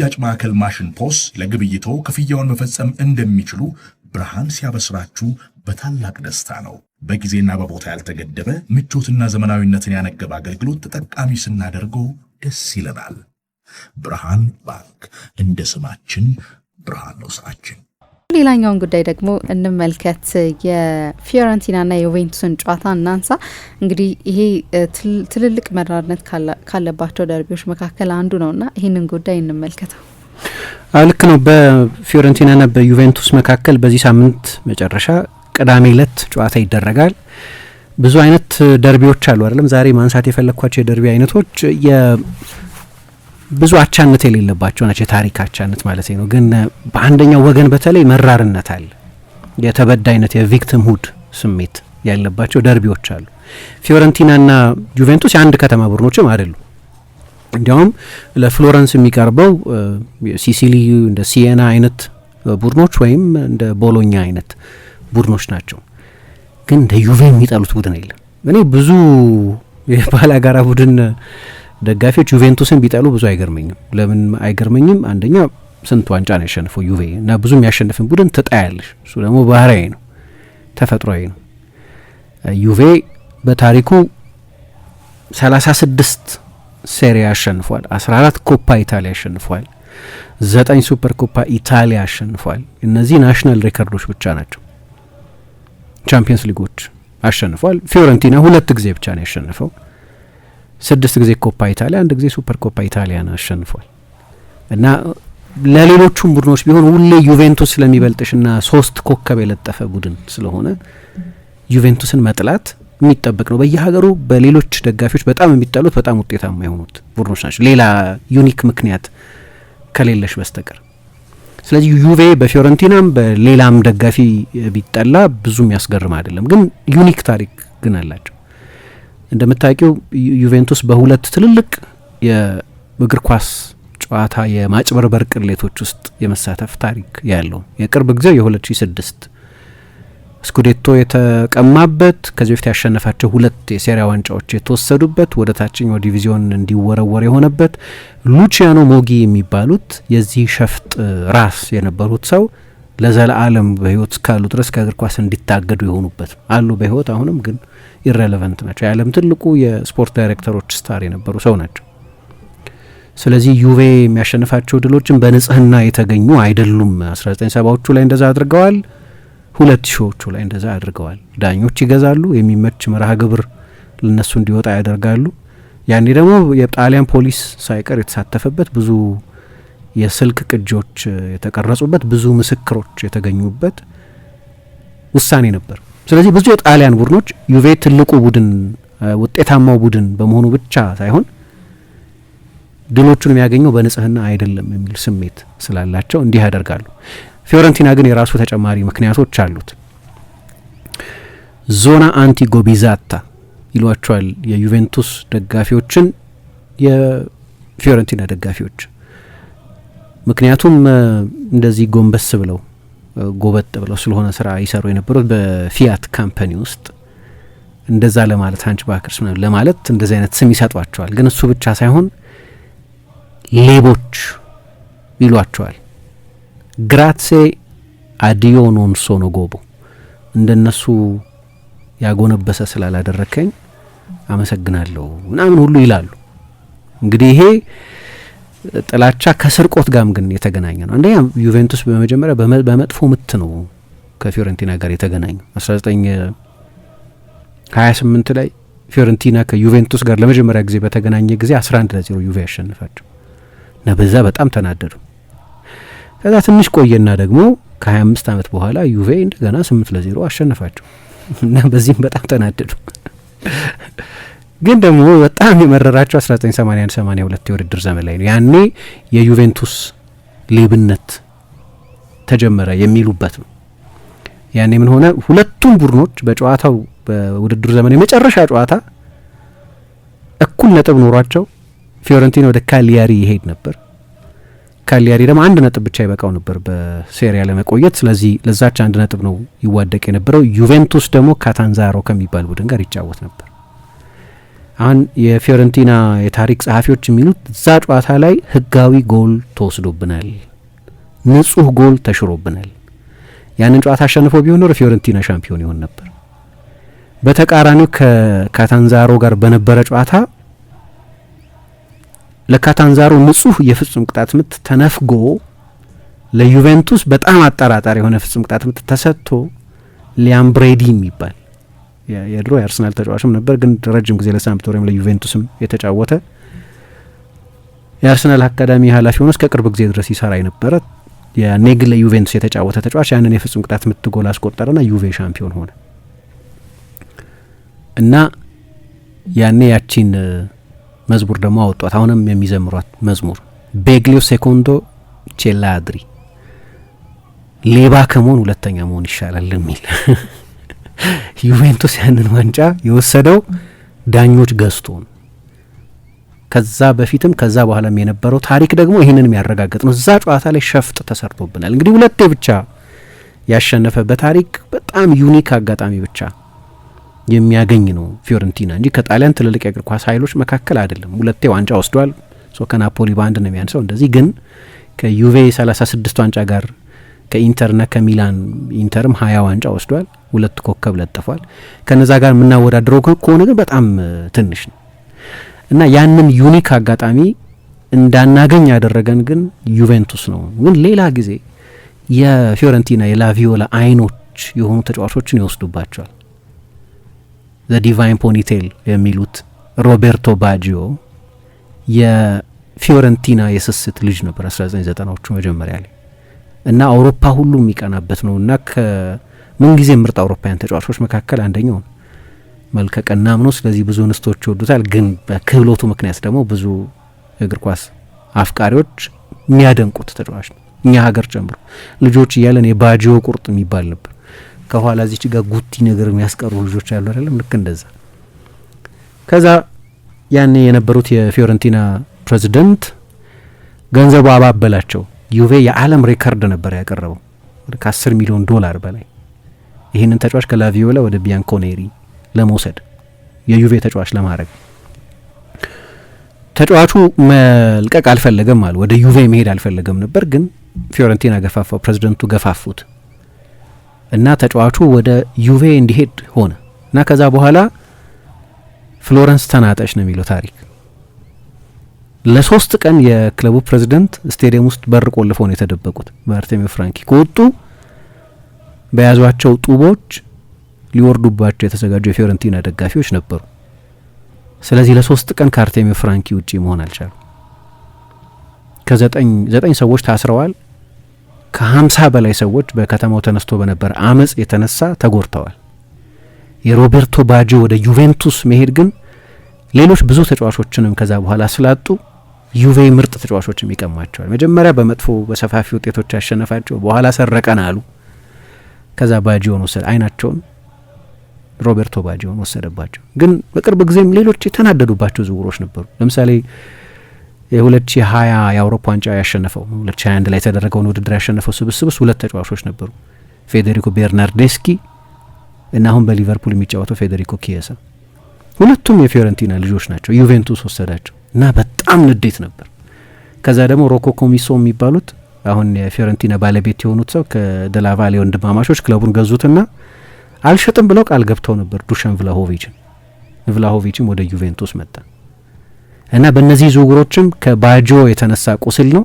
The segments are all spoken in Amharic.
የሽያጭ ማዕከል ማሽን ፖስ ለግብይቶ ክፍያውን መፈጸም እንደሚችሉ ብርሃን ሲያበስራችሁ በታላቅ ደስታ ነው። በጊዜና በቦታ ያልተገደበ ምቾትና ዘመናዊነትን ያነገበ አገልግሎት ተጠቃሚ ስናደርገው ደስ ይለናል። ብርሃን ባንክ እንደ ስማችን ብርሃን ነው ስራችን። ሌላኛውን ጉዳይ ደግሞ እንመልከት። የፊዮረንቲናና የዩቬንቱስን ጨዋታ እናንሳ። እንግዲህ ይሄ ትልልቅ መራርነት ካለባቸው ደርቢዎች መካከል አንዱ ነውና ይህንን ጉዳይ እንመልከተው። ልክ ነው። በፊዮረንቲናና በዩቬንቱስ መካከል በዚህ ሳምንት መጨረሻ ቅዳሜ ዕለት ጨዋታ ይደረጋል። ብዙ አይነት ደርቢዎች አሉ አይደለም። ዛሬ ማንሳት የፈለግኳቸው የደርቢ አይነቶች ብዙ አቻነት የሌለባቸው ናቸው። የታሪክ አቻነት ማለት ነው። ግን በአንደኛው ወገን በተለይ መራርነት አለ። የተበዳይነት የቪክቲም ሁድ ስሜት ያለባቸው ደርቢዎች አሉ። ፊዮረንቲናና ጁቬንቱስ የአንድ ከተማ ቡድኖችም አይደሉ እንዲያውም ለፍሎረንስ የሚቀርበው ሲሲሊ እንደ ሲየና አይነት ቡድኖች ወይም እንደ ቦሎኛ አይነት ቡድኖች ናቸው። ግን እንደ ዩቬ የሚጠሉት ቡድን የለም። እኔ ብዙ የባላጋራ ቡድን ደጋፊዎች ዩቬንቱስን ቢጠሉ ብዙ አይገርመኝም። ለምን አይገርመኝም? አንደኛ ስንት ዋንጫ ነው ያሸንፈው ዩቬ እና ብዙ የሚያሸንፍን ቡድን ትጣያለሽ። እሱ ደግሞ ባህራዊ ነው፣ ተፈጥሯዊ ነው። ዩቬ በታሪኩ 36 ሴሪያ አሸንፏል፣ አራት ኮፓ ኢታሊያ አሸንፏል፣ ዘጠኝ ሱፐር ኮፓ ኢታሊያ አሸንፏል። እነዚህ ናሽናል ሬከርዶች ብቻ ናቸው። ቻምፒየንስ ሊጎች አሸንፏል። ፊዮረንቲና ሁለት ጊዜ ብቻ ነው ያሸንፈው። ስድስት ጊዜ ኮፓ ኢታሊያ፣ አንድ ጊዜ ሱፐር ኮፓ ኢታሊያን አሸንፏል እና ለሌሎቹም ቡድኖች ቢሆን ሁሌ ዩቬንቱስ ስለሚበልጥሽና ሶስት ኮከብ የለጠፈ ቡድን ስለሆነ ዩቬንቱስን መጥላት የሚጠበቅ ነው። በየሀገሩ በሌሎች ደጋፊዎች በጣም የሚጠሉት በጣም ውጤታማ የሆኑት ቡድኖች ናቸው፣ ሌላ ዩኒክ ምክንያት ከሌለሽ በስተቀር። ስለዚህ ዩቬ በፊዮረንቲናም በሌላም ደጋፊ ቢጠላ ብዙም ያስገርም አይደለም፣ ግን ዩኒክ ታሪክ ግን አላቸው። እንደምታውቂው ዩቬንቱስ በሁለት ትልልቅ የእግር ኳስ ጨዋታ የማጭበርበር ቅሌቶች ውስጥ የመሳተፍ ታሪክ ያለው የቅርብ ጊዜው የ2006 ስኩዴቶ የተቀማበት ከዚህ በፊት ያሸነፋቸው ሁለት የሴሪያ ዋንጫዎች የተወሰዱበት ወደ ታችኛው ዲቪዚዮን እንዲወረወር የሆነበት ሉቺያኖ ሞጊ የሚባሉት የዚህ ሸፍጥ ራስ የነበሩት ሰው ለዘላለም በህይወት እስካሉ ድረስ ከእግር ኳስ እንዲታገዱ የሆኑበት አሉ። በህይወት አሁንም ግን ኢሬሌቨንት ናቸው። የዓለም ትልቁ የስፖርት ዳይሬክተሮች ስታር የነበሩ ሰው ናቸው። ስለዚህ ዩቬ የሚያሸንፋቸው ድሎችን በንጽህና የተገኙ አይደሉም ዘጠኝ ሰባዎቹ ላይ እንደዛ አድርገዋል። ሁለት ሺዎቹ ላይ እንደዛ አድርገዋል። ዳኞች ይገዛሉ፣ የሚመች መርሃ ግብር ለነሱ እንዲወጣ ያደርጋሉ። ያኔ ደግሞ የጣሊያን ፖሊስ ሳይቀር የተሳተፈበት ብዙ የስልክ ቅጂዎች የተቀረጹበት ብዙ ምስክሮች የተገኙበት ውሳኔ ነበር። ስለዚህ ብዙ የጣሊያን ቡድኖች ዩቬ ትልቁ ቡድን ውጤታማው ቡድን በመሆኑ ብቻ ሳይሆን ድሎቹን የሚያገኘው በንጽህና አይደለም የሚል ስሜት ስላላቸው እንዲህ ያደርጋሉ። ፊዮረንቲና ግን የራሱ ተጨማሪ ምክንያቶች አሉት። ዞና አንቲ ጎቢዛታ ይሏቸዋል የዩቬንቱስ ደጋፊዎችን የፊዮረንቲና ደጋፊዎች ምክንያቱም እንደዚህ ጎንበስ ብለው ጎበጥ ብለው ስለሆነ ስራ ይሰሩ የነበሩት በፊያት ካምፓኒ ውስጥ እንደዛ ለማለት ሀንች ባከርስ ለማለት እንደዚህ አይነት ስም ይሰጧቸዋል። ግን እሱ ብቻ ሳይሆን ሌቦች ይሏቸዋል። ግራሴ አዲዮ ኖን ሶኖ ጎቦ፣ እንደነሱ ያጎነበሰ ስላላደረከኝ አመሰግናለሁ ምናምን ሁሉ ይላሉ። እንግዲህ ይሄ ጥላቻ ከስርቆት ጋርም ግን የተገናኘ ነው። አንደኛ ዩቬንቱስ በመጀመሪያ በመጥፎ ምት ነው ከፊዮረንቲና ጋር የተገናኙ 1928 ላይ ፊዮረንቲና ከዩቬንቱስ ጋር ለመጀመሪያ ጊዜ በተገናኘ ጊዜ 11 ለዜሮ ዩቬ ያሸንፋቸው እና በዛ በጣም ተናደዱ። ከዛ ትንሽ ቆየና ደግሞ ከ25 ዓመት በኋላ ዩቬ እንደገና 8 ለዜሮ አሸንፋቸው እና በዚህም በጣም ተናደዱ። ግን ደግሞ በጣም የመረራቸው 1981 82 የውድድር ዘመን ላይ ነው። ያኔ የዩቬንቱስ ሌብነት ተጀመረ የሚሉበት ነው። ያኔ ምን ሆነ? ሁለቱም ቡድኖች በጨዋታው በውድድር ዘመን የመጨረሻ ጨዋታ እኩል ነጥብ ኖሯቸው ፊዮረንቲና ወደ ካሊያሪ ይሄድ ነበር። ካሊያሪ ደግሞ አንድ ነጥብ ብቻ ይበቃው ነበር በሴሪያ ለመቆየት። ስለዚህ ለዛች አንድ ነጥብ ነው ይዋደቅ የነበረው። ዩቬንቱስ ደግሞ ካታንዛሮ ከሚባል ቡድን ጋር ይጫወት ነበር። አሁን የፊዮረንቲና የታሪክ ጸሐፊዎች የሚሉት እዛ ጨዋታ ላይ ህጋዊ ጎል ተወስዶብናል፣ ንጹህ ጎል ተሽሮብናል። ያንን ጨዋታ አሸንፎ ቢሆን ኖሮ ፊዮረንቲና ሻምፒዮን ይሆን ነበር። በተቃራኒው ከካታንዛሮ ጋር በነበረ ጨዋታ ለካታንዛሮ ንጹህ የፍጹም ቅጣት ምት ተነፍጎ ለዩቬንቱስ በጣም አጠራጣሪ የሆነ ፍጹም ቅጣት ምት ተሰጥቶ ሊያም ብሬዲ የሚባል የድሮ የአርሰናል ተጫዋችም ነበር፣ ግን ረጅም ጊዜ ለሳምፕዶሪያም ለዩቬንቱስም የተጫወተ የአርሰናል አካዳሚ ኃላፊ ሆኖ እስከ ቅርብ ጊዜ ድረስ ይሰራ የነበረ የኔግለ ዩቬንቱስ የተጫወተ ተጫዋች ያንን የፍጹም ቅጣት ምት ጎል አስቆጠረና ዩቬ ሻምፒዮን ሆነ እና ያኔ ያቺን መዝሙር ደግሞ አወጧት። አሁንም የሚዘምሯት መዝሙር ቤግሊዮ ሴኮንዶ አድሪ ሌባ ከመሆን ሁለተኛ መሆን ይሻላል የሚል ዩቬንቱስ ያንን ዋንጫ የወሰደው ዳኞች ገዝቶ ነው። ከዛ በፊትም ከዛ በኋላም የነበረው ታሪክ ደግሞ ይህንን የሚያረጋግጥ ነው። እዛ ጨዋታ ላይ ሸፍጥ ተሰርቶብናል። እንግዲህ ሁለቴ ብቻ ያሸነፈ በታሪክ በጣም ዩኒክ አጋጣሚ ብቻ የሚያገኝ ነው ፊዮረንቲና እንጂ ከጣሊያን ትልልቅ የእግር ኳስ ኃይሎች መካከል አይደለም። ሁለቴ ዋንጫ ወስዷል። ከናፖሊ በአንድ ነው የሚያንሰው። እንደዚህ ግን ከዩቬ 36 ዋንጫ ጋር ከኢንተርና ከሚላን ኢንተርም ሀያ ዋንጫ ወስዷል። ሁለት ኮከብ ለጥፏል። ከነዛ ጋር የምናወዳድረው ከሆነ ግን በጣም ትንሽ ነው እና ያንን ዩኒክ አጋጣሚ እንዳናገኝ ያደረገን ግን ዩቬንቱስ ነው። ግን ሌላ ጊዜ የፊዮረንቲና የላቪዮላ አይኖች የሆኑ ተጫዋቾችን ይወስዱባቸዋል። ዲቫይን ፖኒቴል የሚሉት ሮቤርቶ ባጂዮ የፊዮረንቲና የስስት ልጅ ነበር 1990ዎቹ መጀመሪያ ላይ እና አውሮፓ ሁሉ የሚቀናበት ነው እና ከምንጊዜ ምርጥ አውሮፓውያን ተጫዋቾች መካከል አንደኛው ነው። መልከ ቀናም ነው። ስለዚህ ብዙ እንስቶች ይወዱታል። ግን በክህሎቱ ምክንያት ደግሞ ብዙ እግር ኳስ አፍቃሪዎች የሚያደንቁት ተጫዋች ነው። እኛ ሀገር ጨምሮ ልጆች እያለን የባጂዮ ቁርጥ የሚባል ነበር። ከኋላ ዚች ጋር ጉቲ ነገር የሚያስቀሩ ልጆች ያሉ አይደለም፣ ልክ እንደዛ። ከዛ ያኔ የነበሩት የፊዮረንቲና ፕሬዚደንት ገንዘቡ አባበላቸው። ዩቬ የዓለም ሬከርድ ነበር ያቀረበው ከ10 ሚሊዮን ዶላር በላይ ይህንን ተጫዋች ከላቪዮላ ወደ ቢያንኮኔሪ ለመውሰድ የዩቬ ተጫዋች ለማድረግ ተጫዋቹ መልቀቅ አልፈለገም አሉ። ወደ ዩቬ መሄድ አልፈለገም ነበር፣ ግን ፊዮረንቲና ገፋፋው፣ ፕሬዚደንቱ ገፋፉት እና ተጫዋቹ ወደ ዩቬ እንዲሄድ ሆነ እና ከዛ በኋላ ፍሎረንስ ተናጠች ነው የሚለው ታሪክ ለሶስት ቀን የክለቡ ፕሬዚደንት ስቴዲየም ውስጥ በር ቆልፈው ነው የተደበቁት። በአርቴሚ ፍራንኪ ከወጡ በያዟቸው ጡቦች ሊወርዱባቸው የተዘጋጁ የፊዮረንቲና ደጋፊዎች ነበሩ። ስለዚህ ለሶስት ቀን ከአርቴሚ ፍራንኪ ውጪ መሆን አልቻሉ። ከዘጠኝ ዘጠኝ ሰዎች ታስረዋል። ከሀምሳ በላይ ሰዎች በከተማው ተነስቶ በነበረ አመጽ የተነሳ ተጎድተዋል። የሮቤርቶ ባጅዮ ወደ ዩቬንቱስ መሄድ ግን ሌሎች ብዙ ተጫዋቾችንም ከዛ በኋላ ስላጡ ዩቬ ምርጥ ተጫዋቾችም ይቀሟቸዋል መጀመሪያ በመጥፎ በሰፋፊ ውጤቶች ያሸነፋቸው፣ በኋላ ሰረቀን አሉ። ከዛ ባጂዮን ወሰደ፣ አይናቸውን ሮቤርቶ ባጂዮን ወሰደባቸው። ግን በቅርብ ጊዜም ሌሎች የተናደዱባቸው ዝውውሮች ነበሩ። ለምሳሌ የ2020 የአውሮፓ ዋንጫ ያሸነፈው 2021 ላይ የተደረገውን ውድድር ያሸነፈው ውስጥ ሁለት ተጫዋቾች ነበሩ፣ ፌዴሪኮ ቤርናርዴስኪ እና አሁን በሊቨርፑል የሚጫወተው ፌዴሪኮ ኪየሳ ሁለቱም የፊዮረንቲና ልጆች ናቸው። ዩቬንቱስ ወሰዳቸው እና በጣም ንዴት ነበር። ከዛ ደግሞ ሮኮ ኮሚሶ የሚባሉት አሁን የፊዮረንቲና ባለቤት የሆኑት ሰው ከደላቫሌ ወንድማማቾች ክለቡን ገዙትና አልሸጥም ብለው ቃል ገብተው ነበር ዱሻን ቭላሆቪችን። ቭላሆቪችም ወደ ዩቬንቱስ መጣ እና በእነዚህ ዝውውሮችም ከባጆ የተነሳ ቁስል ነው።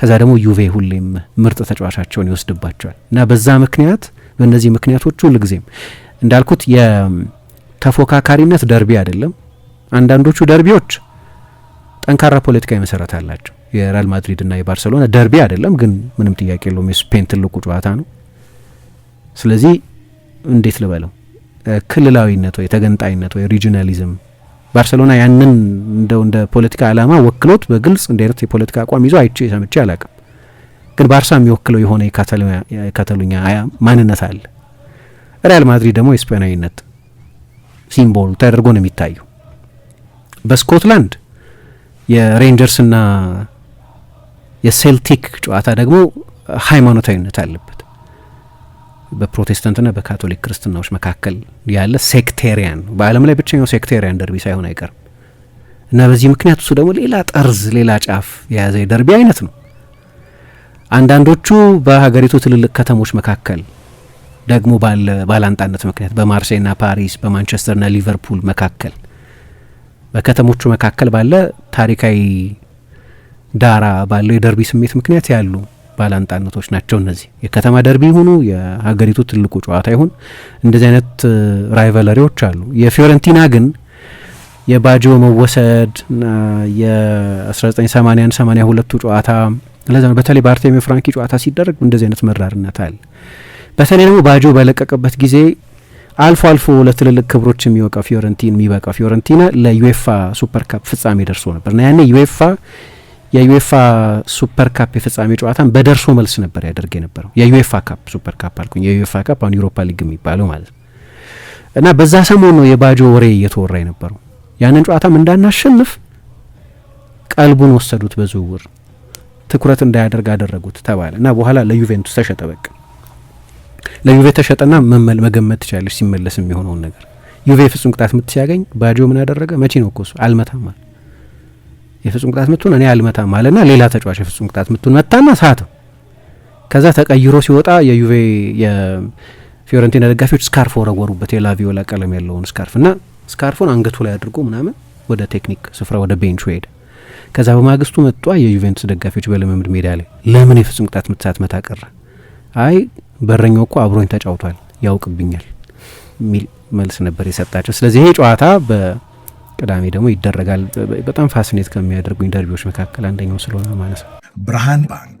ከዛ ደግሞ ዩቬ ሁሌም ምርጥ ተጫዋቻቸውን ይወስድባቸዋል እና በዛ ምክንያት በእነዚህ ምክንያቶች ሁልጊዜም እንዳልኩት ተፎካካሪነት ደርቢ አይደለም። አንዳንዶቹ ደርቢዎች ጠንካራ ፖለቲካዊ መሰረት አላቸው። የሪያል ማድሪድ እና የባርሰሎና ደርቢ አይደለም፣ ግን ምንም ጥያቄ የለውም የስፔን ትልቁ ጨዋታ ነው። ስለዚህ እንዴት ልበለው ክልላዊነት ወይ ተገንጣይነት ወይ ሪጂናሊዝም ባርሰሎና ያንን እንደው እንደ ፖለቲካ ዓላማ ወክሎት በግልጽ እንዲህ አይነት የፖለቲካ አቋም ይዞ አይቼ ሰምቼ አላቅም። ግን ባርሳ የሚወክለው የሆነ የካታሎኛ ማንነት አለ። ሪያል ማድሪድ ደግሞ የስፔናዊነት ሲምቦል ተደርጎ ነው የሚታየው። በስኮትላንድ የሬንጀርስና የሴልቲክ ጨዋታ ደግሞ ሃይማኖታዊነት አለበት። በፕሮቴስታንትና በካቶሊክ ክርስትናዎች መካከል ያለ ሴክቴሪያን በዓለም ላይ ብቸኛው ሴክቴሪያን ደርቢ ሳይሆን አይቀርም እና በዚህ ምክንያት እሱ ደግሞ ሌላ ጠርዝ፣ ሌላ ጫፍ የያዘ የደርቢ አይነት ነው። አንዳንዶቹ በሀገሪቱ ትልልቅ ከተሞች መካከል ደግሞ ባላንጣነት ምክንያት በማርሴይና ፓሪስ፣ በማንቸስተርና ሊቨርፑል መካከል በከተሞቹ መካከል ባለ ታሪካዊ ዳራ ባለው የደርቢ ስሜት ምክንያት ያሉ ባላንጣነቶች ናቸው። እነዚህ የከተማ ደርቢ ይሁኑ የሀገሪቱ ትልቁ ጨዋታ ይሁን እንደዚህ አይነት ራይቨለሪዎች አሉ። የፊዮረንቲና ግን የባጂዮ መወሰድ የ1981 82ቱ ጨዋታ ለዛ በተለይ በአርቴሚ ፍራንኪ ጨዋታ ሲደረግ እንደዚህ አይነት መራርነት አለ። በተለይ ደግሞ ባጆ በለቀቀበት ጊዜ አልፎ አልፎ ለትልልቅ ክብሮች የሚወቃ ፊዮረንቲን የሚበቃ ፊዮረንቲና ለዩኤፋ ሱፐር ካፕ ፍጻሜ ደርሶ ነበር ና ያኔ ዩኤፋ የዩኤፋ ሱፐር ካፕ የፍጻሜ ጨዋታን በደርሶ መልስ ነበር ያደርግ የነበረው። የዩኤፋ ካፕ ሱፐር ካፕ አልኩኝ፣ የዩኤፋ ካፕ አሁን ዩሮፓ ሊግ የሚባለው ማለት ነው። እና በዛ ሰሞን ነው የባጆ ወሬ እየተወራ የነበረው። ያንን ጨዋታም እንዳናሸንፍ ቀልቡን ወሰዱት፣ በዝውውር ትኩረት እንዳያደርግ አደረጉት ተባለ እና በኋላ ለዩቬንቱስ ተሸጠ በቅ ለዩቬ ተሸጠና መመል መገመት ትችላለች ሲመለስ የሚሆነውን ነገር። ዩቬ የፍጹም ቅጣት ምት ሲያገኝ ባጆ ምን አደረገ? መቼ ነው ኮሱ እሱ አልመታም የፍጹም ቅጣት ምቱን እኔ አልመታም አለና ሌላ ተጫዋች የፍጹም ቅጣት ምቱን መታና ሳተው። ከዛ ተቀይሮ ሲወጣ የዩቬ የፊዮረንቲና ደጋፊዎች ስካርፍ ወረወሩበት፣ የላቪዮላ ቀለም ያለውን ስካርፍ እና ስካርፉን አንገቱ ላይ አድርጎ ምናምን ወደ ቴክኒክ ስፍራ ወደ ቤንቹ ሄደ። ከዛ በማግስቱ መጧ የዩቬንቱስ ደጋፊዎች በልምምድ ሜዳ ላይ ለምን የፍጹም ቅጣት ምት ሳትመታ ቀረ? አይ በረኛው እኮ አብሮኝ ተጫውቷል ያውቅብኛል የሚል መልስ ነበር የሰጣቸው። ስለዚህ ይሄ ጨዋታ በቅዳሜ ደግሞ ይደረጋል። በጣም ፋሲኔት ከሚያደርጉኝ ደርቢዎች መካከል አንደኛው ስለሆነ ማለት ነው ብርሃን ባንክ